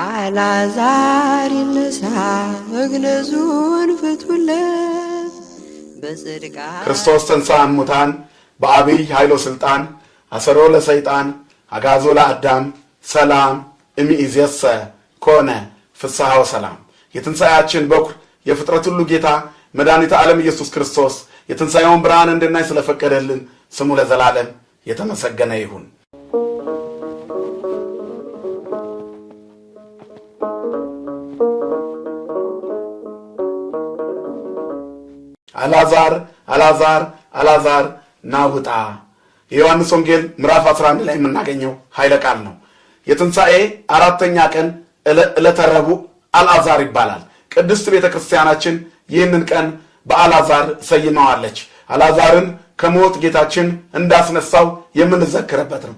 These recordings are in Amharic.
አላዛር ይነሳ፣ መግነዙን ፍቱለት በጽድቃ ክርስቶስ ተንሥአ እሙታን በአብይ ኃይሎ ሥልጣን አሰሮ ለሰይጣን አጋዞ ለአዳም ሰላም እምይእዜሰ ኮነ ፍስሐ ወሰላም። የትንሣኤያችን በኩር የፍጥረት ሁሉ ጌታ መድኃኒተ ዓለም ኢየሱስ ክርስቶስ የትንሣኤውን ብርሃን እንድናይ ስለፈቀደልን ስሙ ለዘላለም የተመሰገነ ይሁን። አላዛር አላዛር አላዛር ና የዮሐንስ ወንጌል ምዕራፍ 11 ላይ የምናገኘው ኃይለ ቃል ነው። የትንሣኤ አራተኛ ቀን ዕለተ ረቡዕ አልዓዛር ይባላል። ቅድስት ቤተ ክርስቲያናችን ይህንን ቀን በአልዓዛር ሰይመዋለች። አልዓዛርን ከሞት ጌታችን እንዳስነሳው የምንዘክርበት ነው።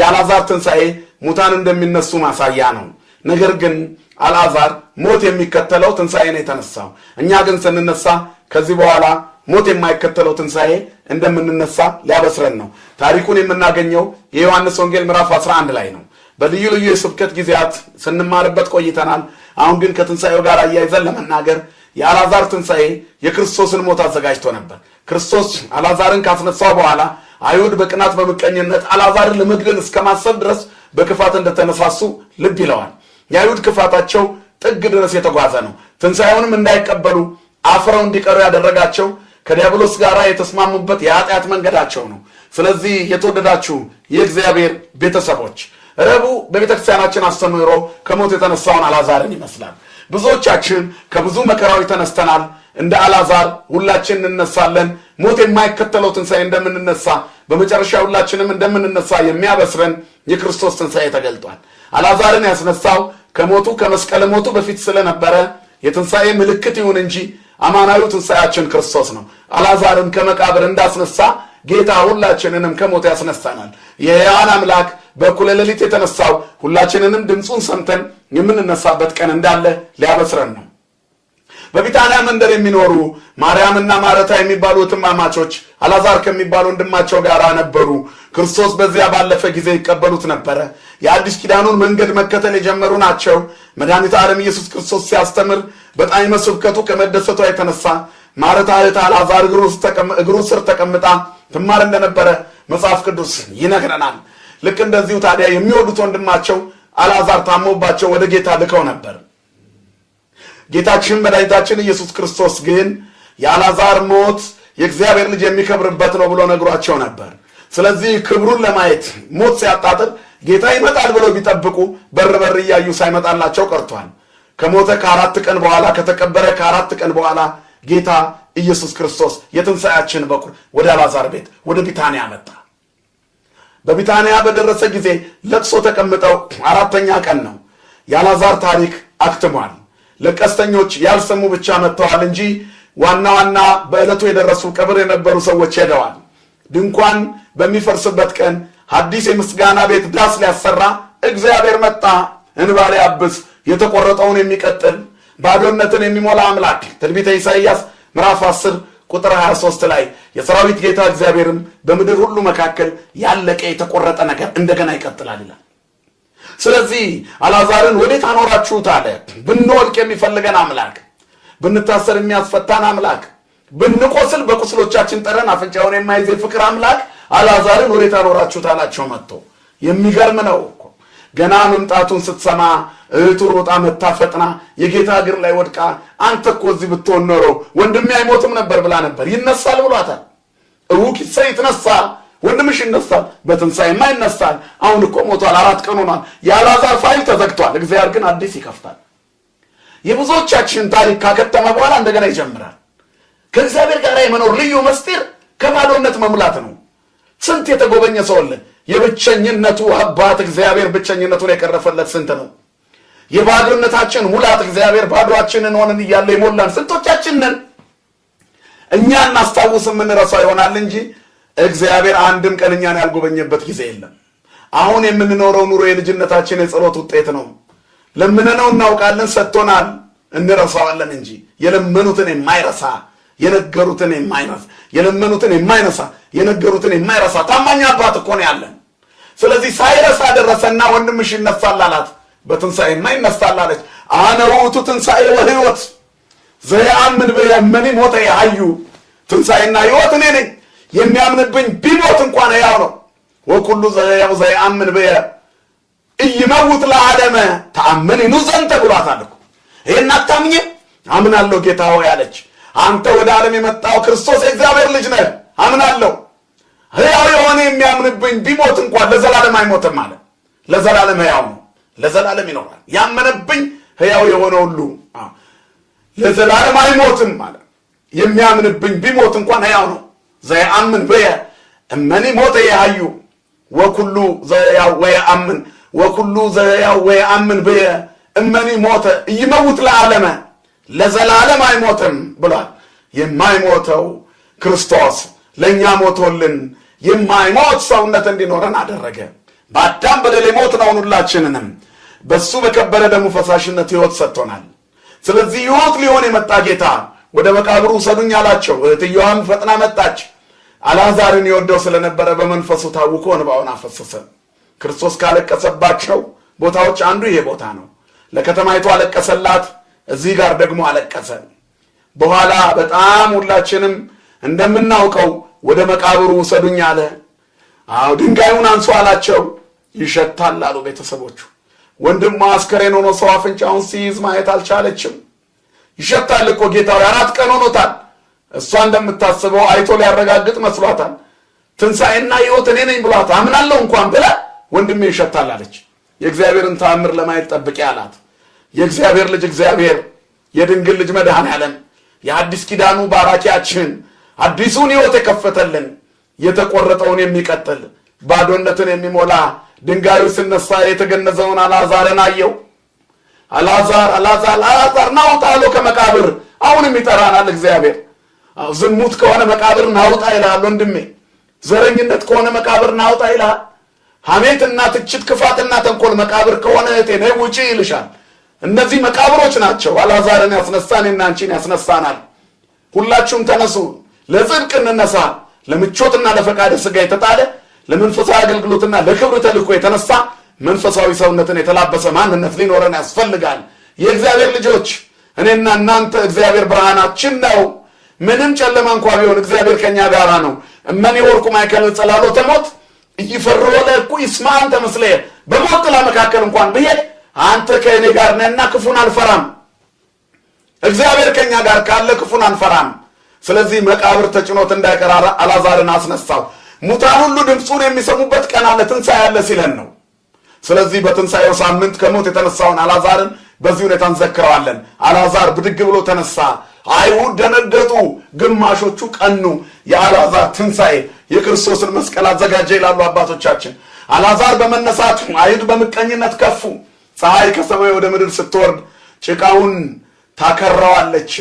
የአልዓዛር ትንሣኤ ሙታን እንደሚነሱ ማሳያ ነው። ነገር ግን አልዛር ሞት የሚከተለው ትንሣኤ ነው የተነሳው። እኛ ግን ስንነሳ ከዚህ በኋላ ሞት የማይከተለው ትንሣኤ እንደምንነሳ ሊያበስረን ነው። ታሪኩን የምናገኘው የዮሐንስ ወንጌል ምዕራፍ 11 ላይ ነው። በልዩ ልዩ የስብከት ጊዜያት ስንማርበት ቆይተናል። አሁን ግን ከትንሣኤው ጋር አያይዘን ለመናገር የአላዛር ትንሣኤ የክርስቶስን ሞት አዘጋጅቶ ነበር። ክርስቶስ አላዛርን ካስነሳው በኋላ አይሁድ በቅናት በምቀኝነት አላዛርን ለመግደል እስከ ማሰብ ድረስ በክፋት እንደተነሳሱ ልብ ይለዋል። የአይሁድ ክፋታቸው ጥግ ድረስ የተጓዘ ነው። ትንሣኤውንም እንዳይቀበሉ አፍረው እንዲቀሩ ያደረጋቸው ከዲያብሎስ ጋር የተስማሙበት የኃጢአት መንገዳቸው ነው። ስለዚህ የተወደዳችሁ የእግዚአብሔር ቤተሰቦች ረቡዕ በቤተክርስቲያናችን አስተምህሮ ከሞት የተነሳውን አላዛርን ይመስላል። ብዙዎቻችን ከብዙ መከራዊ ተነስተናል። እንደ አላዛር ሁላችን እንነሳለን። ሞት የማይከተለው ትንሣኤ እንደምንነሳ በመጨረሻ ሁላችንም እንደምንነሳ የሚያበስረን የክርስቶስ ትንሣኤ ተገልጧል። አላዛርን ያስነሳው ከሞቱ ከመስቀል ሞቱ በፊት ስለነበረ የትንሣኤ ምልክት ይሁን እንጂ አማናዊ ትንሣኤያችን ክርስቶስ ነው። አላዛርን ከመቃብር እንዳስነሳ ጌታ ሁላችንንም ከሞት ያስነሳናል። የሕያዋን አምላክ በእኩለ ሌሊት የተነሳው ሁላችንንም ድምፁን ሰምተን የምንነሳበት ቀን እንዳለ ሊያበስረን ነው። በቢታንያ መንደር የሚኖሩ ማርያምና ማረታ የሚባሉ ትማማቾች አላዛር ከሚባሉ ወንድማቸው ጋር ነበሩ። ክርስቶስ በዚያ ባለፈ ጊዜ ይቀበሉት ነበረ። የአዲስ ኪዳኑን መንገድ መከተል የጀመሩ ናቸው። መድኃኒት ዓለም ኢየሱስ ክርስቶስ ሲያስተምር በጣም መስብከቱ ከመደሰቷ የተነሳ ማረታ እህት አላዛር እግሩ ስር ተቀምጣ ትማር እንደነበረ መጽሐፍ ቅዱስ ይነግረናል። ልክ እንደዚሁ ታዲያ የሚወዱት ወንድማቸው አላዛር ታሞባቸው ወደ ጌታ ልከው ነበር። ጌታችን መድኃኒታችን ኢየሱስ ክርስቶስ ግን የአላዛር ሞት የእግዚአብሔር ልጅ የሚከብርበት ነው ብሎ ነግሯቸው ነበር። ስለዚህ ክብሩን ለማየት ሞት ሲያጣጥር ጌታ ይመጣል ብሎ ቢጠብቁ በር በር እያዩ ሳይመጣላቸው ቀርቷል። ከሞተ ከአራት ቀን በኋላ ከተቀበረ ከአራት ቀን በኋላ ጌታ ኢየሱስ ክርስቶስ የትንሣኤያችን በኩር ወደ አላዛር ቤት ወደ ቢታንያ መጣ። በቢታንያ በደረሰ ጊዜ ለቅሶ ተቀምጠው አራተኛ ቀን ነው። የአላዛር ታሪክ አክትሟል። ለቀስተኞች ያልሰሙ ብቻ መጥተዋል እንጂ ዋና ዋና በዕለቱ የደረሱ ቀብር የነበሩ ሰዎች ሄደዋል። ድንኳን በሚፈርስበት ቀን አዲስ የምስጋና ቤት ዳስ ሊያሰራ እግዚአብሔር መጣ። እንባ ሊያብስ የተቆረጠውን የሚቀጥል ባዶነትን የሚሞላ አምላክ ትንቢተ ኢሳይያስ ምዕራፍ 10 ቁጥር 23 ላይ የሰራዊት ጌታ እግዚአብሔርም በምድር ሁሉ መካከል ያለቀ የተቆረጠ ነገር እንደገና ይቀጥላል ይላል። ስለዚህ አላዛርን ወዴት አኖራችሁት አለ። ብንወልቅ የሚፈልገን አምላክ፣ ብንታሰር የሚያስፈታን አምላክ፣ ብንቆስል በቁስሎቻችን ጠረን አፍንጫውን የማይዝ ፍቅር አምላክ አልዓዛርን ወዴት አኖራችሁት አላቸው። መጥቶ የሚገርም ነው ገና መምጣቱን ስትሰማ እህቱ ሮጣ መታ ፈጥና የጌታ እግር ላይ ወድቃ አንተ እኮ እዚህ ብትሆን ኖሮ ወንድሜ አይሞትም ነበር ብላ ነበር። ይነሳል ብሏታል። እውክ ይትነሳል ወንድምሽ ይነሳል፣ በትንሣኤማ ይነሳል። አሁን እኮ ሞቷል፣ አራት ቀን ሆኗል። የአልዓዛር ፋይል ተዘግቷል። እግዚአብሔር ግን አዲስ ይከፍታል። የብዙዎቻችን ታሪክ ካከተመ በኋላ እንደገና ይጀምራል። ከእግዚአብሔር ጋር የመኖር ልዩ መስጢር ከባዶነት መሙላት ነው። ስንት የተጎበኘ ሰው አለ። የብቸኝነቱ አባት እግዚአብሔር ብቸኝነቱን የቀረፈለት ስንት ነው። የባዶነታችን ሙላት እግዚአብሔር ባዶችንን ሆነን እያለ የሞላን ስንቶቻችን ነን። እኛ እናስታውስ የምንረሳው ይሆናል እንጂ እግዚአብሔር አንድም ቀን እኛን ያልጎበኘበት ጊዜ የለም። አሁን የምንኖረው ኑሮ የልጅነታችን የጸሎት ውጤት ነው። ለምነነው እናውቃለን፣ ሰጥቶናል፣ እንረሳዋለን እንጂ የለመኑትን የማይረሳ የነገሩትን የማይረሳ የለመኑትን የማይነሳ የነገሩትን የማይረሳ ታማኝ አባት እኮ ነው ያለን። ስለዚህ ሳይረሳ ደረሰና ወንድምሽ ይነሳል አላት። በትንሣኤማ ይነሳል አለች። አነ ውእቱ ትንሣኤ ወሕይወት ዘየአምን ብለ እመኒ ሞተ የሐዩ ትንሣኤና ሕይወት እኔ ነኝ የሚያምንብኝ ቢሞት እንኳን ያው ነው። ወኩሉ ዘያው ዘያምን በየ ኢይመውት ለዓለመ ተአምኒኑ ዘንተ ብሏታል እኮ ይሄን አታምኝ አምናለሁ ጌታ ሆይ አለች። አንተ ወደ ዓለም የመጣው ክርስቶስ የእግዚአብሔር ልጅ ነህ አምናለሁ። ሕያው የሆነ የሚያምንብኝ ቢሞት እንኳን ለዘላለም አይሞትም አለ። ለዘላለም ሕያው ነው፣ ለዘላለም ይኖራል። ያመነብኝ ሕያው የሆነ ሁሉ ለዘላለም አይሞትም አለ። የሚያምንብኝ ቢሞት እንኳን ሕያው ነው። ዘየአምን ብየ እመኒ ሞተ የሃዩ ወኩሉ ወየአምን ወኩሉ ዘያው ብየ እመኒ ሞተ እይመውት ለዓለመ ለዘላለም አይሞትም ብሏል። የማይሞተው ክርስቶስ ለእኛ ሞቶልን የማይሞት ሰውነት እንዲኖረን አደረገ። በአዳም በደል ሞት ነው ሁላችንንም በሱ በከበረ ደሙ ፈሳሽነት ሕይወት ሰጥቶናል። ስለዚህ ሕይወት ሊሆን የመጣ ጌታ ወደ መቃብሩ ውሰዱኝ አላቸው። እህትየዋም ፈጥና መጣች። አልዓዛርን የወደው ስለነበረ በመንፈሱ ታውኮ እንባውን አፈሰሰ። ክርስቶስ ካለቀሰባቸው ቦታዎች አንዱ ይሄ ቦታ ነው። ለከተማይቱ አለቀሰላት፣ እዚህ ጋር ደግሞ አለቀሰ። በኋላ በጣም ሁላችንም እንደምናውቀው ወደ መቃብሩ ውሰዱኝ አለ። አዎ ድንጋዩን አንሱ አላቸው። ይሸታል አሉ ቤተሰቦቹ። ወንድሟ አስከሬን ሆኖ ሰው አፍንጫውን ሲይዝ ማየት አልቻለችም። ይሸታል እኮ ጌታዊ አራት ቀን ሆኖታል። እሷ እንደምታስበው አይቶ ሊያረጋግጥ መስሏታል። ትንሣኤና ህይወት እኔ ነኝ ብሏት አምናለሁ እንኳን ብላ ወንድሜ ይሸታል አለች። የእግዚአብሔርን ተአምር ለማየት ጠብቄ አላት። የእግዚአብሔር ልጅ እግዚአብሔር የድንግል ልጅ መድሃን ዓለም የአዲስ ኪዳኑ ባራኪያችን አዲሱን ህይወት የከፈተልን የተቆረጠውን የሚቀጥል ባዶነትን የሚሞላ ድንጋዩ ስነሳ የተገነዘውን አልዓዛርን አየው። አላዛር አላዛር አላዛር ናውጣ አለው ከመቃብር። አሁንም ይጠራናል እግዚአብሔር። ዝሙት ከሆነ መቃብር ናውጣ ይላል ወንድሜ። ዘረኝነት ከሆነ መቃብር ናውጣ ይላል ሐሜትና ትችት፣ ክፋትና ተንኮል መቃብር ከሆነ እህቴ ነይ ውጪ ይልሻል። እነዚህ መቃብሮች ናቸው። አላዛርን ያስነሳን እና አንቺን ያስነሳናል። ሁላችሁም ተነሱ፣ ለጽድቅ እንነሳ። ለምቾትና ለፈቃደ ሥጋ የተጣለ ለመንፈሳዊ አገልግሎትና ለክብር ተልእኮ የተነሳ መንፈሳዊ ሰውነትን የተላበሰ ማንነት ሊኖረን ያስፈልጋል። የእግዚአብሔር ልጆች እኔና እናንተ እግዚአብሔር ብርሃናችን ነው። ምንም ጨለማ እንኳ ቢሆን እግዚአብሔር ከኛ ጋር ነው። እመኔ ወርቁ ማይከል ጸላሎተ ሞት እይፈሩ ለኩ ይስማ አንተ ምስለ በሞት ጥላ መካከል እንኳን ብሄድ አንተ ከእኔ ጋር ነህና ክፉን አልፈራም። እግዚአብሔር ከኛ ጋር ካለ ክፉን አንፈራም። ስለዚህ መቃብር ተጭኖት እንዳይቀር አላዛርን አስነሳው። ሙታን ሁሉ ድምፁን የሚሰሙበት ቀን አለ፣ ትንሣኤ አለ ሲለን ነው። ስለዚህ በትንሣኤው ሳምንት ከሞት የተነሳውን አላዛርን በዚህ ሁኔታ እንዘክረዋለን። አላዛር ብድግ ብሎ ተነሳ። አይሁድ ደነገጡ፣ ግማሾቹ ቀኑ። የአላዛር ትንሣኤ የክርስቶስን መስቀል አዘጋጀ ይላሉ አባቶቻችን። አላዛር በመነሳቱ አይሁድ በምቀኝነት ከፉ። ፀሐይ ከሰማይ ወደ ምድር ስትወርድ ጭቃውን ታከረዋለች፣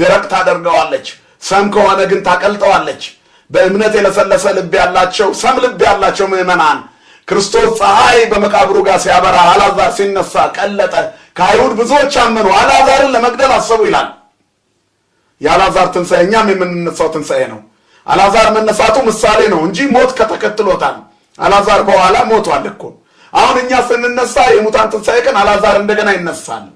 ደረቅ ታደርገዋለች። ሰም ከሆነ ግን ታቀልጠዋለች። በእምነት የለሰለሰ ልብ ያላቸው ሰም ልብ ያላቸው ምዕመናን ክርስቶስ ፀሐይ በመቃብሩ ጋር ሲያበራ አላዛር ሲነሳ ቀለጠ። ከአይሁድ ብዙዎች አመኑ፣ አላዛርን ለመግደል አሰቡ ይላል። የአላዛር ትንሣኤ እኛም የምንነሳው ትንሣኤ ነው። አላዛር መነሳቱ ምሳሌ ነው እንጂ ሞት ከተከትሎታል። አላዛር በኋላ ሞቷል እኮ። አሁን እኛ ስንነሳ የሙታን ትንሣኤ ቀን አላዛር እንደገና ይነሳል።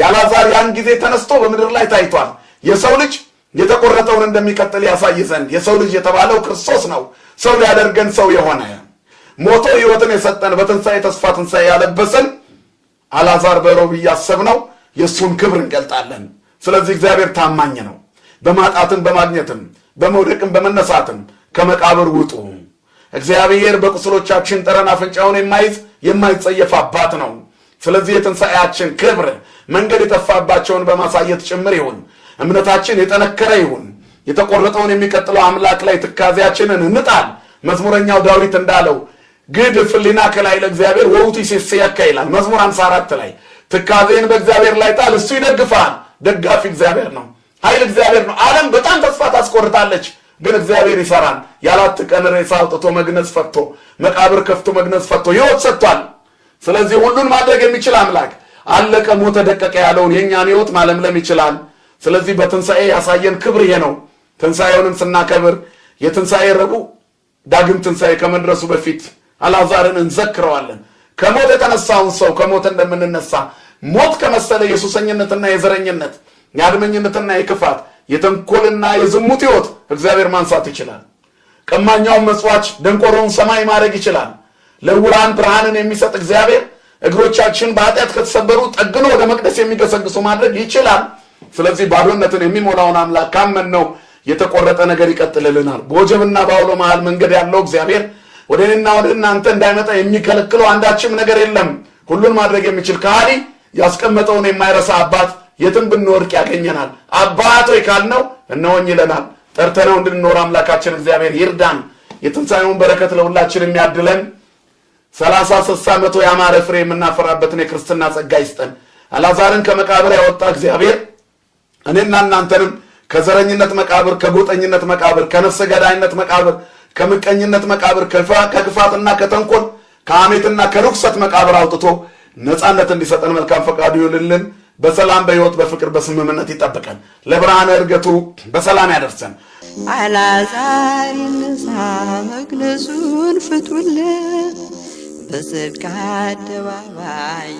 የአላዛር ያን ጊዜ ተነስቶ በምድር ላይ ታይቷል። የሰው ልጅ የተቆረጠውን እንደሚቀጥል ያሳይ ዘንድ የሰው ልጅ የተባለው ክርስቶስ ነው፣ ሰው ሊያደርገን ሰው የሆነ ሞቶ ህይወትን የሰጠን በትንሣኤ ተስፋ ትንሣኤ ያለበሰን አልዓዛር በሮብ እያሰብነው የእሱን ክብር እንገልጣለን። ስለዚህ እግዚአብሔር ታማኝ ነው። በማጣትም በማግኘትም በመውደቅም በመነሳትም ከመቃብር ውጡ። እግዚአብሔር በቁስሎቻችን ጠረን አፍንጫውን የማይዝ የማይጸየፍ አባት ነው። ስለዚህ የትንሣኤያችን ክብር መንገድ የጠፋባቸውን በማሳየት ጭምር ይሁን። እምነታችን የጠነከረ ይሁን። የተቆረጠውን የሚቀጥለው አምላክ ላይ ትካዜያችንን እንጣል። መዝሙረኛው ዳዊት እንዳለው ግድ ፍሊና ከላይ ለእግዚአብሔር ወውቱ ይሴሰያካ ይላል መዝሙር 54 ላይ ትካዜን በእግዚአብሔር ላይ ጣል፣ እሱ ይደግፋል። ደጋፊ እግዚአብሔር ነው፣ ኃይል እግዚአብሔር ነው። ዓለም በጣም ተስፋ ታስቆርጣለች፣ ግን እግዚአብሔር ይሰራል። ያላት ቀን ሬሳ አውጥቶ መግነዝ ፈቶ መቃብር ከፍቶ መግነዝ ፈቶ ህይወት ሰጥቷል። ስለዚህ ሁሉን ማድረግ የሚችል አምላክ አለቀ፣ ሞተ፣ ደቀቀ ያለውን የእኛን ህይወት ማለምለም ይችላል። ስለዚህ በትንሣኤ ያሳየን ክብር ይሄ ነው። ትንሣኤውንም ስናከብር የትንሣኤ ረቡዕ ዳግም ትንሣኤ ከመድረሱ በፊት አላዛርን እንዘክረዋለን። ከሞት የተነሳውን ሰው ከሞት እንደምንነሳ ሞት ከመሰለ የሱሰኝነትና የዘረኝነት የአድመኝነትና የክፋት የተንኮልና የዝሙት ህይወት እግዚአብሔር ማንሳት ይችላል። ቀማኛውን መጽዋች፣ ደንቆሮውን ሰማይ ማድረግ ይችላል። ለውራን ብርሃንን የሚሰጥ እግዚአብሔር እግሮቻችን በኃጢአት ከተሰበሩ ጠግኖ ወደ መቅደስ የሚገሰግሱ ማድረግ ይችላል። ስለዚህ ባዶነትን የሚሞላውን አምላክ ካመን ነው የተቆረጠ ነገር ይቀጥልልናል። በወጀብና በአውሎ መሃል መንገድ ያለው እግዚአብሔር ወደ እኔና ወደ እናንተ እንዳይመጣ የሚከለክለው አንዳችም ነገር የለም። ሁሉን ማድረግ የሚችል ከሃዲ ያስቀመጠውን የማይረሳ አባት የትም ብንወርቅ ያገኘናል። አባት ካል ካልነው እነሆኝ ይለናል። ጠርተነው እንድንኖር አምላካችን እግዚአብሔር ይርዳን። የትንሣኤውን በረከት ለሁላችን የሚያድለን ሰላሳ ስሳ መቶ ያማረ ፍሬ የምናፈራበትን የክርስትና ጸጋ ይስጠን። አላዛርን ከመቃብር ያወጣ እግዚአብሔር እኔና እናንተንም ከዘረኝነት መቃብር፣ ከጎጠኝነት መቃብር፣ ከነፍሰ ገዳይነት መቃብር ከምቀኝነት መቃብር ከክፋትና ከተንኮል ከአሜትና ከርኩሰት መቃብር አውጥቶ ነፃነት እንዲሰጠን መልካም ፈቃዱ ይሁንልን። በሰላም በሕይወት በፍቅር በስምምነት ይጠብቀን። ለብርሃነ እርገቱ በሰላም ያደርሰን። አልዓዛር ይነሳ፣ መግነዙን አደባባይ